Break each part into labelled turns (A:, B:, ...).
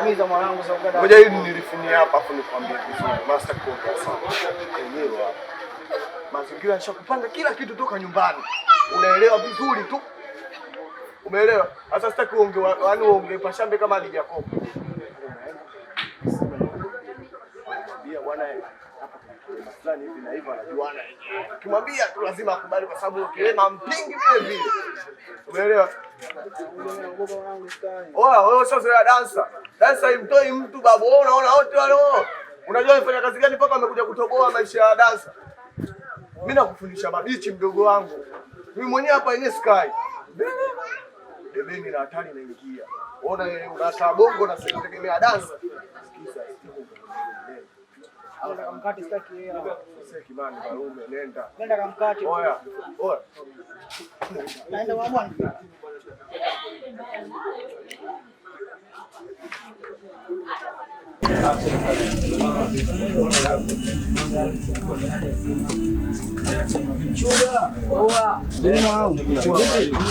A: Himiza mwanangu za ukada. Ngoja hili nilifunia hapa afu nikwambie vizuri. Master Kobe sana. Enyewe hapa. Mazingira nishakupanga kila kitu toka nyumbani. Unaelewa vizuri tu. Umeelewa? Sasa sitaki uonge yaani uonge pashambe kama hadi Jacob. Bwana kilema fulani hivi na hivyo anajuana, ukimwambia tu lazima akubali, kwa sababu kilema mpingi vile vile, umeelewa? Oa wewe sio zoea dansa, dansa imtoi mtu babu. Wewe unaona wote wale, unajua mfanya kazi gani mpaka amekuja kutoboa maisha ya dansa. Mimi nakufundisha mabichi, mdogo wangu, mimi mwenyewe hapa yenyewe sky debeni na hatari inaingia, unaona unakaa bongo na sikutegemea dansa kamkati sitaki yeye. Sasa kibani barume nenda. Nenda kamkati. Oya. Oya. Naenda kwa bwana.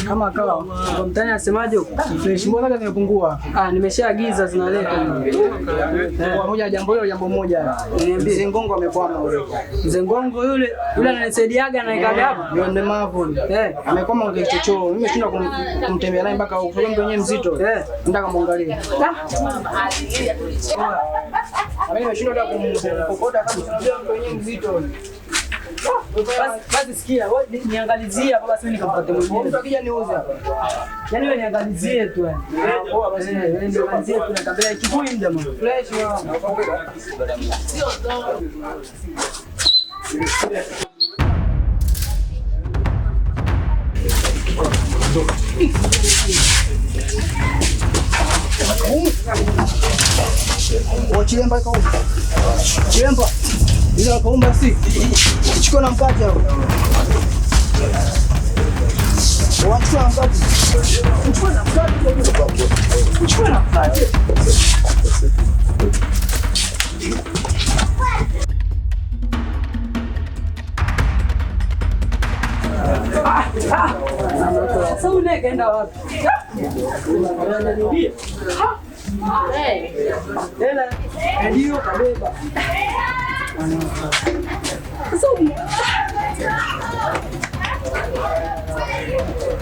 A: Kama kawa mtani asemaje? Fresh mbona zimepungua? Ah, nimeshaagiza zinaleta. Moja jambo hilo, jambo moja. Mzee Ngongo amekwama Mzee Ngongo yule yule ananisaidiaga na ikaga hapo. Ndio ndemavu. Eh, amekwama kwa kichochoro. Mimi shinda kumtembea naye mpaka ufuko mtu mwenyewe mzito. nataka muangalie. Nimeshindwa Basi sikia, wewe niangalizie hapa basi mwenyewe. Mtu akija niuze hapa. Yaani wewe niangalizie tu yani. Eh, niangalizie tu natambia chukui muda mwanangu. Fresh wao. Oh, Chiremba kaumba. Chiremba. Ila kaumba si. Chukua na mkate hao. Wachukua na mkate. Chukua na mkate. Chukua na mkate. Ah, ah. Sasa unakaenda wapi?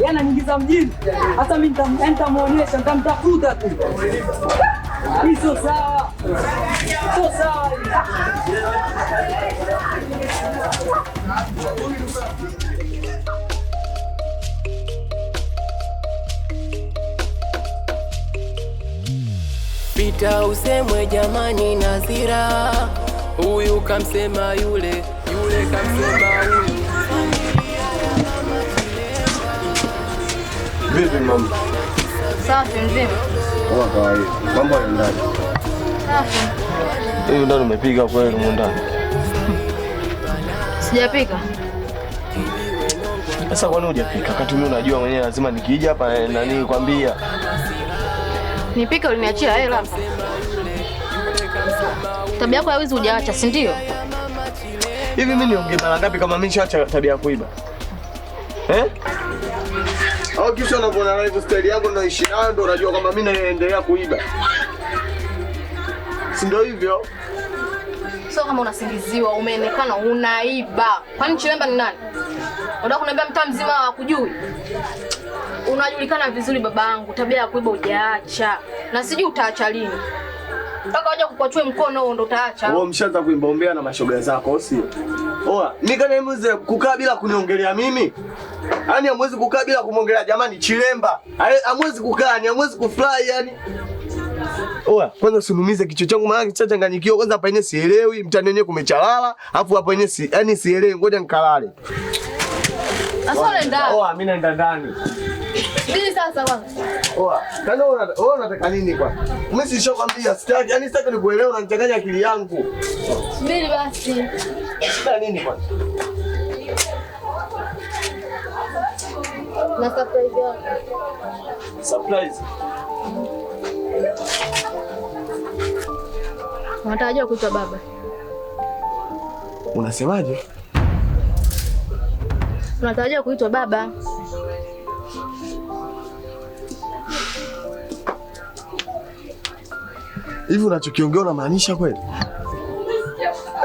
A: Yananiingiza mjini, hata mimi nitamuonesha, nitamtafuta tu. Hii sio sawa, sio sawa. Uta usemwe jamani, Nazira huyu kamsema yule, yule kamsema huyu. Vipi mama? Safi mzima. Kwa kawaida. Mambo ya ndani. Safi. Hiyo ndani umepiga kweli mu ndani? Sijapika. Sasa kwa nini hujapika? Wakati mimi unajua mwenyewe lazima nikija hapa eh, nani kwambia Nipike uliniachia hela. Tabia yako ya wizi hujaacha, si ndio? Hivi mimi niongee mara ngapi kama mimi nishaacha tabia ya kuiba? Eh? Au kisha unaona yako na ishi nayo ndio unajua kwamba mimi naendelea kuiba. Si ndio hivyo? Sio kama unasingiziwa, umeonekana unaiba. Kwani Chilemba ni nani? Unataka kuniambia mtaa mzima hawakujui? Unajulikana vizuri baba yangu, tabia ya kuiba hujaacha, na sijui utaacha lini. Mpaka waje kukwachue mkono huo ndo utaacha. Wewe umshaanza kuimbaombea na mashoga zako, sio? Oa, mzee kukaa bila kuniongelea mimi. Yaani hamwezi kukaa bila kumwongelea jamani Chilemba. Hamwezi kukaa, ni hamwezi kufurahi yani. Oa, kwanza usinumize kichwa changu maana kichwa changanyikiwa kwanza hapa yenyewe sielewi, mtani wenyewe kumechalala, afu hapa yenyewe si, yani sielewi, ngoja nikalale. Oa, naenda ndani. Nini sasa bwana? Oa, yaani wewe unataka nini kwa? Mimi sishakwambia sitaki, yani sitaki nikuelewe, unanichanganya akili yangu. Subiri basi. Sina nini kwa? Na surprise yako. Surprise. Unatarajia kuitwa baba. Unasemaje? tunatarajia kuitwa baba. Hivi unachokiongea unamaanisha kweli?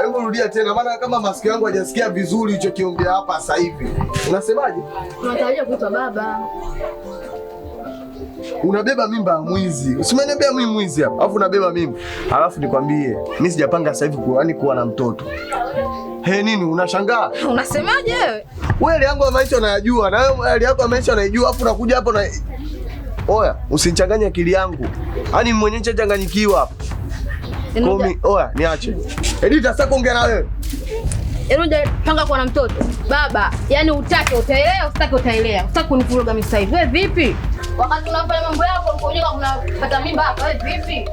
A: Hebu rudia tena, maana kama masikio yangu hajasikia vizuri ulichokiongea hapa sasa hivi. Unasemaje? Tunatarajia kuitwa baba. Unabeba mimba ya mwizi. Usimeniambia mimi mwizi hapa. Alafu unabeba mimba. Alafu nikwambie, mimi sijapanga sasa hivi kuani kuwa na mtoto. He, nini unashangaa? Unasemaje wewe? Wewe hali yangu ya maisha unayajua, na wewe hali yako ya maisha unaijua, afu unakuja hapo na oya, usinichanganye akili yangu, yaani mwenyewe changanyikiwa hapa. Yaani Komi, oya, niache. Edita, sasa kuongea na wewe. Eruja yaani panga kwa na mtoto. Baba, yani utake utaelewa, usitake utaelewa. Usitake kunivuruga mimi sasa hivi. Wewe vipi? Wakati unafanya mambo yako, unakuja kunapata mimba hapa, wewe vipi?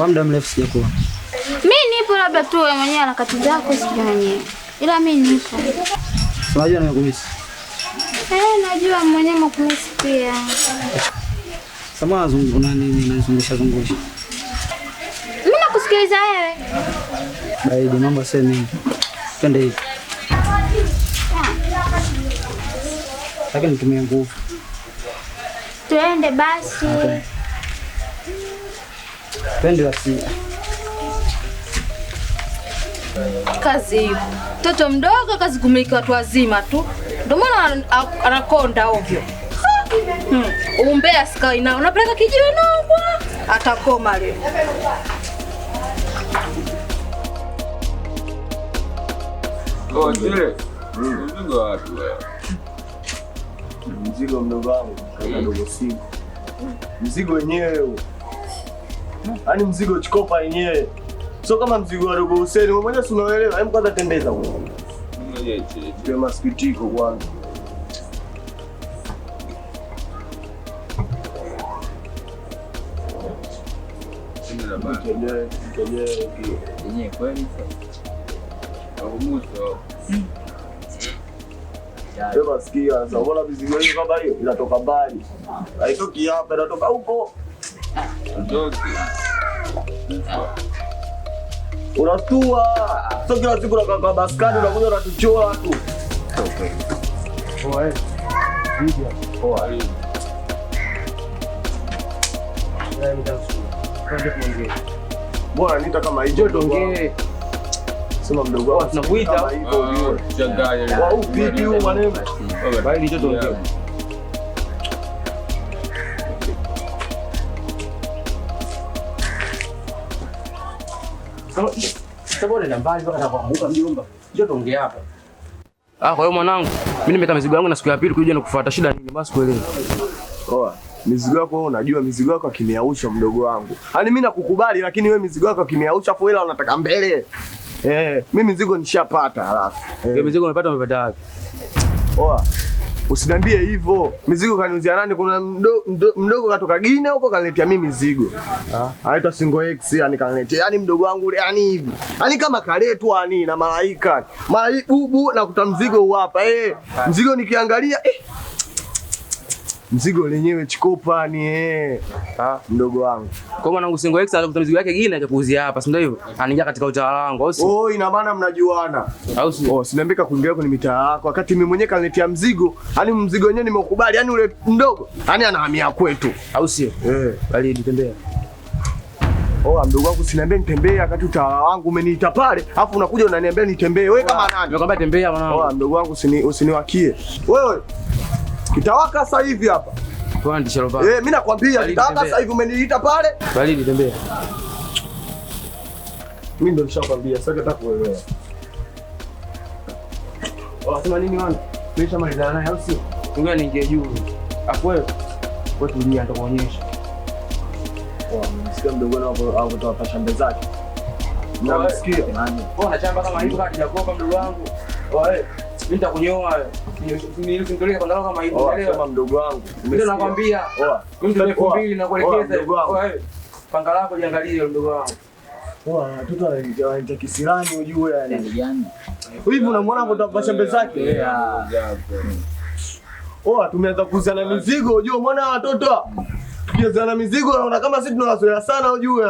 A: muda mrefu Mi nipo, labda tu wewe mwenyewe harakati zako sijui ila mi nipo. Unajua nimekumisi. Eh, najua mwenyewe mkumisi pia. Samahani, nini nazungusha zungusha. nakusikiliza wewe. Baidi, mambo sasa nini? Pende hivi lakini nitumie nguvu. Tuende basi. Pende basi. Kazi hiyo, mtoto mdogo kazi kumiliki watu wazima tu, ndio maana anakonda ovyo. Hmm. Umbea sikai nao, unapeleka kijiwe nao, atakoma leo. Mm. mzigo mdogo wangu dogo sigo mzigo wenyewe yaani mzigo chikopa yenyewe sio kama mzigo wa dogo Huseni mmoja, si unaelewa? Hebu kwanza tembeza kwa masikitiko kwanza kweli Sikia sasa, mbona mizigo hiyo kama hiyo inatoka mbali, haitoki hapa, inatoka huko. Unatua sio kila siku unakaa baskani, unakuja unatuchoa watu. Bwana nita kama hiyo sema ah, ah, kwa hiyo mwanangu, mimi nimeka mizigo yangu na siku ya pili kuja nikufuata, shida nini? Basi kuelewa. Poa. Mizigo yako wewe unajua mizigo yako akiniausha mdogo wangu. Yaani mimi nakukubali lakini wewe mizigo yako akiniausha afu hela unataka mbele. Eh, mimi mzigo nishapata halafu. Eh, eh. mzigo umepata umepata wapi? Poa. Usiniambie hivyo. Mizigo kaniuzia nani? Kuna mdo, mdo, mdogo katoka Gine huko kaniletea mimi mizigo. Ah, anaitwa Singo X yani kaniletea. Yaani mdogo wangu yani hivi. Yaani kama kaletu ani na malaika. Malaika bubu nakuta mzigo huu hapa. Eh, mzigo nikiangalia eh mzigo lenyewe chikopa ni eh, mdogo wangu. Kwa mwanangu single ex anataka mizigo yake ingine akapuuzia hapa, si ndio hivyo? Anaingia katika utawala wangu au sio? Oh, ina maana mnajuana. Au sio? Oh, sinaambika kuingia kwenye mitaa yako wakati mimi mwenyewe kaniletea mzigo, yani mzigo wenyewe nimekubali, yani ule mdogo, yani anahamia kwetu. Au sio? Eh, bali nitembea. Oh, mdogo wangu sinaambia nitembee wakati utawala wangu umeniita pale, afu unakuja unaniambia nitembee. Wewe kama ah, nani? Nimekwambia tembea mwanangu. Oh, mdogo wangu usiniwakie. Wewe Kitawaka sasa hivi hapa. Twende Shalobani. Eh, mimi nakwambia kitawaka sasa hivi umeniita pale. Baridi tembea. Mimi ndo nishakwambia sasa nataka kuelewa. Wasema nini wana? Mimi shamalizana naye au sio? Ngoja niingie juu. Afu wewe wewe tulia nitakuonyesha. Poa, msikia mdogo wangu hapo hapo tutapata shamba zake. Namsikia. Nani? Poa, anachamba kama hivyo hadi jakoba mdogo wangu. Wewe nitakunyoa kama hivi. Sema mdogo wangu. Ndio nakwambia. Elfu mbili nakuelekeza. Eh, panga lako jiangalie mdogo wangu. Watoto wanaita kisirani ujue yani. Hivi unamwona hapo kwa pembe zake? Oa, tumeanza kuuzana mizigo ujue mwana watoto. Tukiuzana mizigo naona kama sisi tunawazoea sana ujue.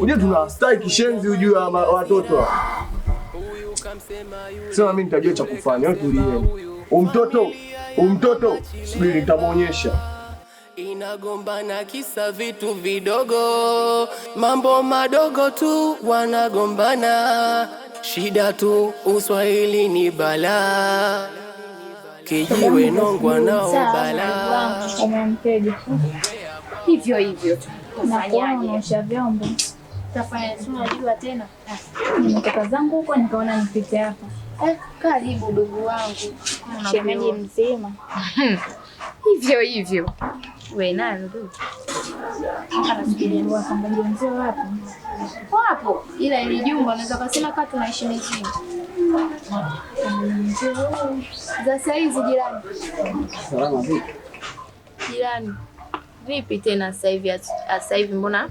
A: Ujue tunawastai kishenzi ujue watoto. Sema mimi nitajua cha kufanya. Wewe tulie. Umtoto, umtoto subiri nitamwonyesha. Inagombana kisa vitu vidogo, mambo madogo tu wanagombana. Shida tu uswahili ni balaa. Kijiwe nongwa nao bala Hivyo hivyo. Unafanyaje? Unaosha vyombo tafanya si unajua tena, nimetoka zangu huko nikaona nipite hapa. Eh, karibu ndugu wangu, shemeji mzima. Hmm. hivyo hivyo we nalo tu anasubiriwa kwamba mzee wapo wapo, ila ili jumba unaweza kusema kama tunaishi mjini za saa hizi. Jirani, salama vipi? Jirani vipi tena sasa hivi? Sasa hivi mbona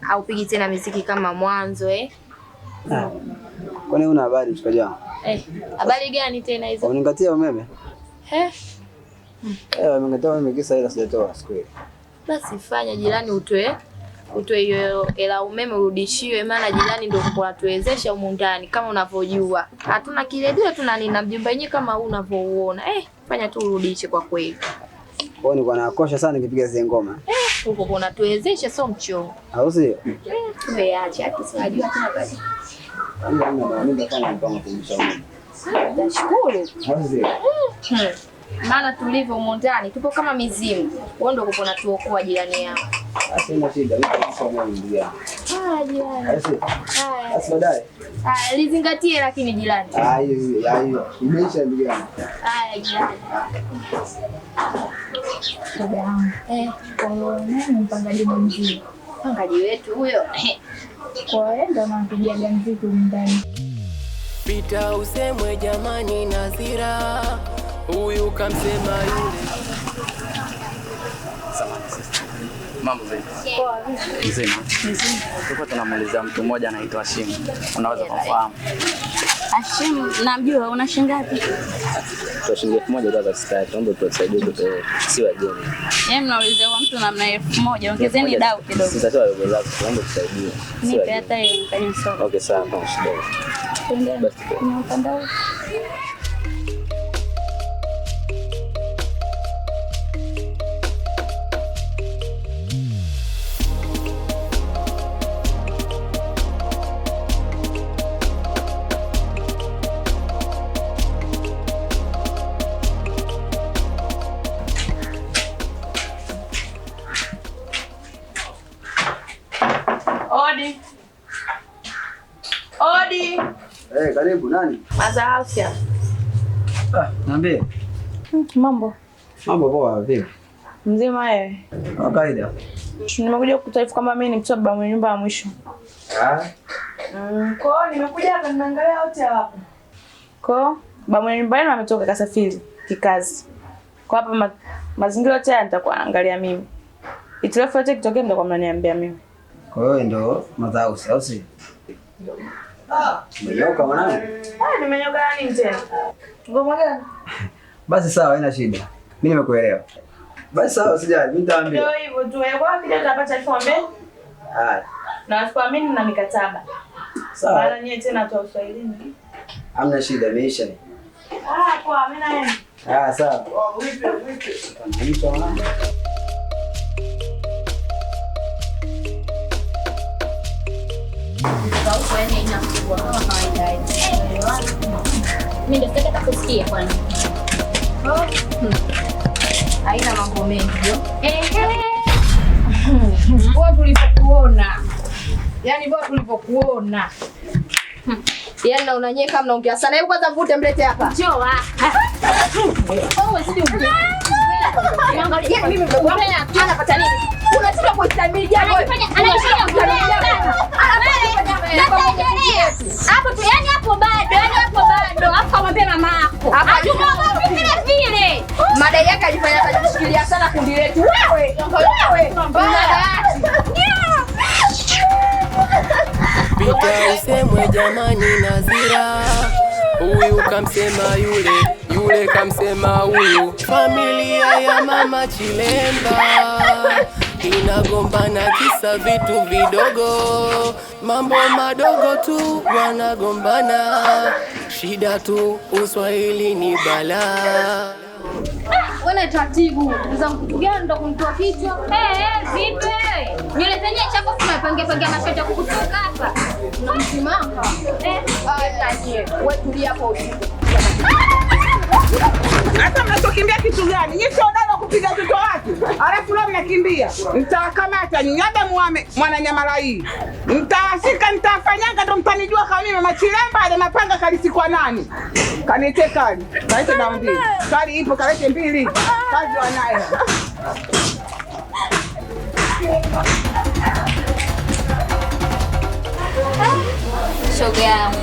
A: haupigi tena miziki kama mwanzo eh? Ah. Kwa nini una habari mshikaji wangu? Eh, habari gani tena hizo? Unanikatia umeme? Eh. Eh, wamekatia umeme kisa ila sijatoa siku ile. Basi fanya jirani utoe utoe hiyo hela umeme urudishiwe, maana jirani ndio anatuwezesha humu ndani kama unavyojua. Hatuna kiredio tuna nini na mjomba yenyewe kama huu unavyouona. Eh, fanya tu urudishe kwa kweli. Kwa nini kwa nakosha sana nikipiga zile ngoma. Eh huko kuna tuwezesha, sio mchoo, au sio? Eh, tumeacha tunajua tena basi. Yaani Nashukuru hmm, hmm. maana tulivyo humo ndani tupo kama mizimu. Wewe ndio uko unatuokoa jirani yao. Basi, ina shida. Basi baadaye. Ah, lizingatie lakini jirani. Ah, hiyo hiyo. Imeisha ndugu yangu. Ah, jirani. Eh, nani mpangaji mzuri? Mpangaji wetu huyo. kwaenda hiyo Pita usemwe jamani, nazira huyu kamsema yule Mambo mzima. Tulikuwa tunamuulizia mtu mmoja anaitwa Ashimu, unaweza kumfahamu? Ashimu namjua. Una shilingi ngapi? Kwa shilingi elfu moja kwa sasa, tuombe tusaidie tutoe, si wageni. Yeye yaani mnauliza kwa mtu namna elfu moja, ongezeni dau kidogo. Sasa tu wadogo zako, tuombe tusaidie. Nipe hata hiyo mkanyo sawa. Okay, sawa, kwa shida. Basi. Ni mtandao. Odi. Odi. Eh, hey, karibu nani? Aza afya. Ah, niambie. mambo. Mambo poa vipi? Mzima wewe? Kwa kawaida. Nimekuja kutaarifu kwamba mimi ni mtu baba mwenye nyumba ya mwisho. Ah. Mm, kwa hiyo nimekuja hapa nimeangalia wote hapa. Kwa baba mwenye nyumba yenu ametoka kasafiri kikazi. Kwa hapa ma, mazingira yote haya nitakuwa naangalia mimi. Itilafu yote kitokea mtakuwa mnaniambia mimi. Kwa hiyo ndio madhausi au si? Umenyoka mwanangu? Ah, nimenyoka nini tena? Ngoma gani? Basi sawa, haina shida. Mimi nimekuelewa. Basi sawa, sijali. Mimi nitaambia. Ndio hivyo tu. Hebu wapi ndio utapata elfu mbili? Haya. Na sikuamini na mikataba. Sawa. Bana nyewe tena tu uswahilini. Hamna shida, imeisha. Ah, kwa mimi na yeye. Ah, sawa. Oh, vipi vipi? mwanangu. aina Haina mambo mengi. Bora tulipokuona. Yaani bora tulipokuona. Yaani na unanyewe kama mnaongea sana. Hebu kwanza mvute mlete hapa. Njoo. Wewe sidi uje. Yaani mimi mdogo wangu anapata nini? Unataka hapo bado hapo, mama yako vile vile, madai yake alifanya sana kundi letu. Wewe wewe pita usemwe jamani, nazira huyu kamsema yule kule kamsema huyu. Familia ya mama Chilemba inagombana kisa vitu vidogo, mambo madogo tu wanagombana, shida tu, uswahili ni balaa. Ah, Wana taratibu za mkutugani ndo kumtoa kichwa. Eh, eh, vipi? Nywele zenyewe chako kuna pangia pangia na shati kukutoka hapa. Unamsimama. Eh, ah, wewe tulia hapo usiku. Ah! Hata mnachokimbia kitu gani? Nyinyi sio dada kupiga mtoto wake, alafu leo mnakimbia. Mtawakamata nyinyi, labda muame mwananyamala hii, mtawashika, mtawafanyaga, ndo mtanijua kama mimi mama Chilemba ana mapanga kalisi kwa nani? Kanete kali, kalete na mbili kali, ipo kalete mbili, kazi wanayo shoga yangu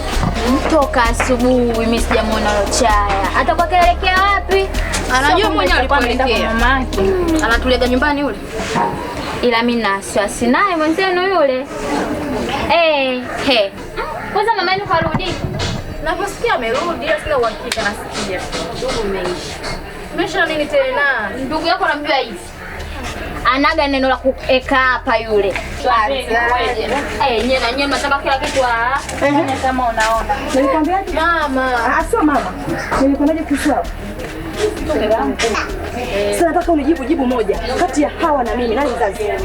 A: toka asubuhi mimi sijamwona Lochaya. Atakuwa kaelekea wapi? Anajua mwenyewe kwa Mama yake anatulega nyumbani yule, ila mimi na wasiwasi naye mwenzenu yule. Eh, he. Kwanza mama yenu karudi? Naposikia amerudi, ila sina uhakika nasikia. Ndugu umeisha. Umeisha nini tena? Ndugu yako anamjua hivi anaga neno la kueka hapa yule eh, ah. eh. Mama. Ah, Sasa nataka unijibu jibu moja kati ya hawa na mimi nani mzazi? Eh?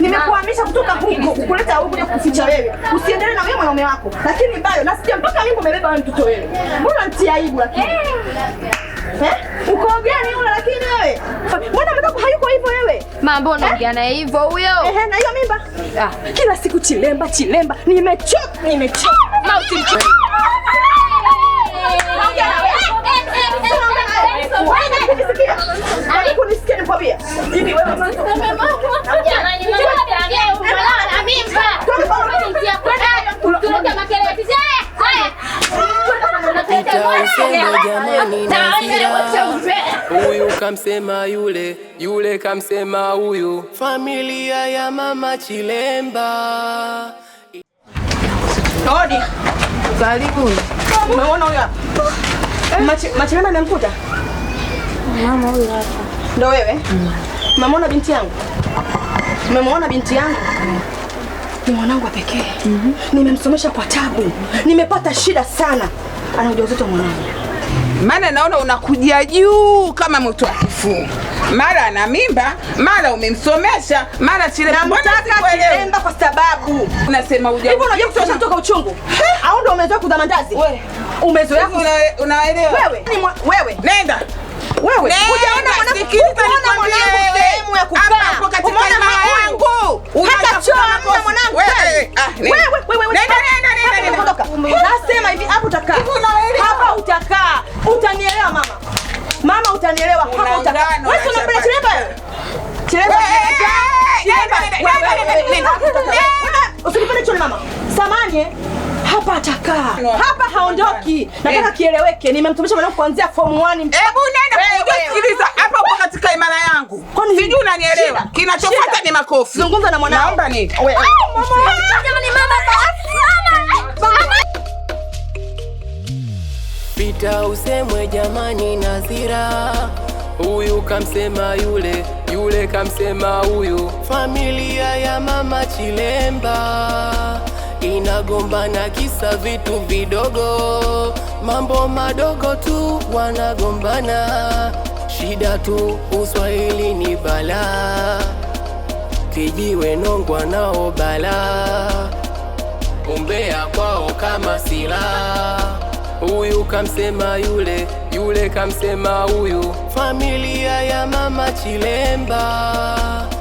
A: Nimekuhamisha kutoka huko kukuleta huko kuja kuficha wewe. Usiendelee na wewe mwanaume wako. Lakini bado nasikia mpaka mimi umebeba mtoto wewe. Mbona nitia aibu lakini? Eh? Uko gani yule lakini wewe? Mbona mtoto hayuko hivyo wewe? Mambo eh? unaongea na hivyo huyo. Ehe, na hiyo mimba. Ah, kila siku chilemba chilemba. Nimechoka, nimechoka. Mauti mchoka. Hivi wewe mama. Mama. Naongea na na jamani na fira, huyu kamsema yule, yule kamsema huyu, familia ya mama Chilemba. Karibu. Umeona huyo eh. amemkuta? Mama huyo hapa. Ndo wewe? Umemwona binti yangu? Umemwona binti yangu? Mm. Ni mwanangu wa pekee. Mhm. Nimemsomesha kwa tabu. Nimepata shida sana ana ujauzito mwanangu, maana naona unakuja juu kama moto wa kifuu, mara ana mimba, mara umemsomesha, mara Chilemba, kwa sababu unasema kutoka uchungu au ndio umezoea mandazi? Umezoea unaelewa wewe, wewe nenda wewe utanielewa. Wewe unapenda chelewa. Chelewa. Usinipende chole mama. Samanye eh. hapa atakaa. Hapa haondoki. Nataka eh. kieleweke. Nimemtumisha mwanangu kuanzia form 1. Hebu nenda kusikiliza. Hapa uko katika imara yangu. Sijui unanielewa. Kinachofuata ni makofi. Zungumza na mwanangu. Naomba nini? Wewe. Uta usemwe jamani, Nazira huyu kamsema yule, yule kamsema huyu. Familia ya mama Chilemba inagombana kisa vitu vidogo, mambo madogo tu wanagombana. Shida tu uswahili ni bala, kijiwe nongwa nao bala umbea kwao kama silaha huyu kamsema yule, yule kamsema huyu. Familia ya mama Chilemba